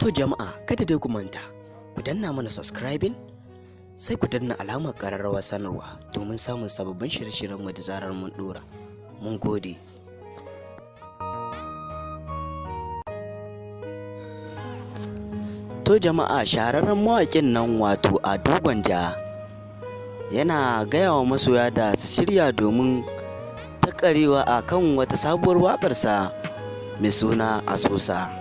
To jama'a kada dai ku manta ku danna mana subscribing sai ku danna alamar ƙararrawar sanarwa domin samun sababbin shirye-shiryen mu da zarar mun dora. Mun gode. To jama'a shahararren mawaƙin nan wato a Gwanja yana gaya wa masoya da su shirya domin takarewa a kan wata sabuwar waƙarsa mai suna asusa.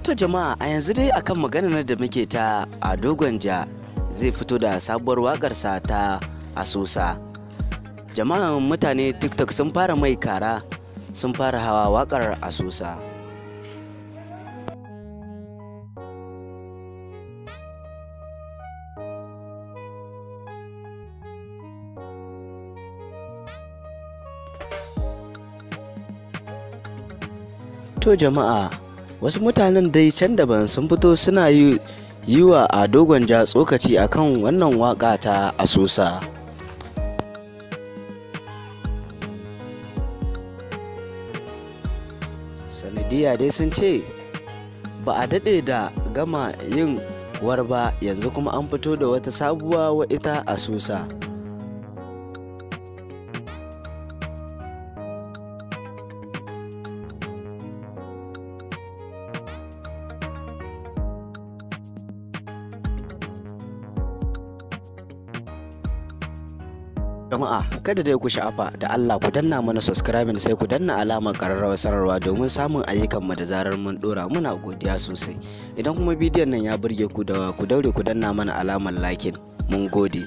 To jama'a a yanzu dai akan maganar da muke ta a ja zai fito da sabuwar waƙarsa ta Asusa. jama'a mutane TikTok sun fara mai kara sun fara hawa waƙar Asusa. To jama'a wasu mutanen dai can daban sun fito suna yi wa a dogon ja tsokaci akan wannan waka ta asusa sanadiyya dai sun ce ba a daɗe da gama yin warba yanzu kuma an fito da wata sabuwa wa ita asusa jama'a kada dai ku sha'afa da Allah ku danna mana subscribing sai ku danna alamar ƙararrawar sanarwa domin samun ayyukan mu da zarar mun dora muna godiya sosai idan kuma bidiyon nan ya burge ku da ku daure ku danna mana alamar liking mun gode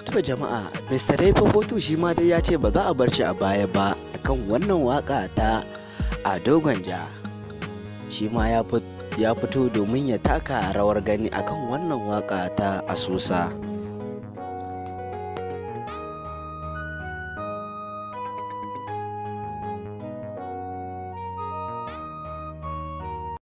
To jama'a, Mr. Raifin Fofoto shi ma dai ya ce ba za a bar shi a baya ba akan wannan waka ta a dogon Shi ma ya fito domin ya taka rawar gani akan wannan waka ta asusa.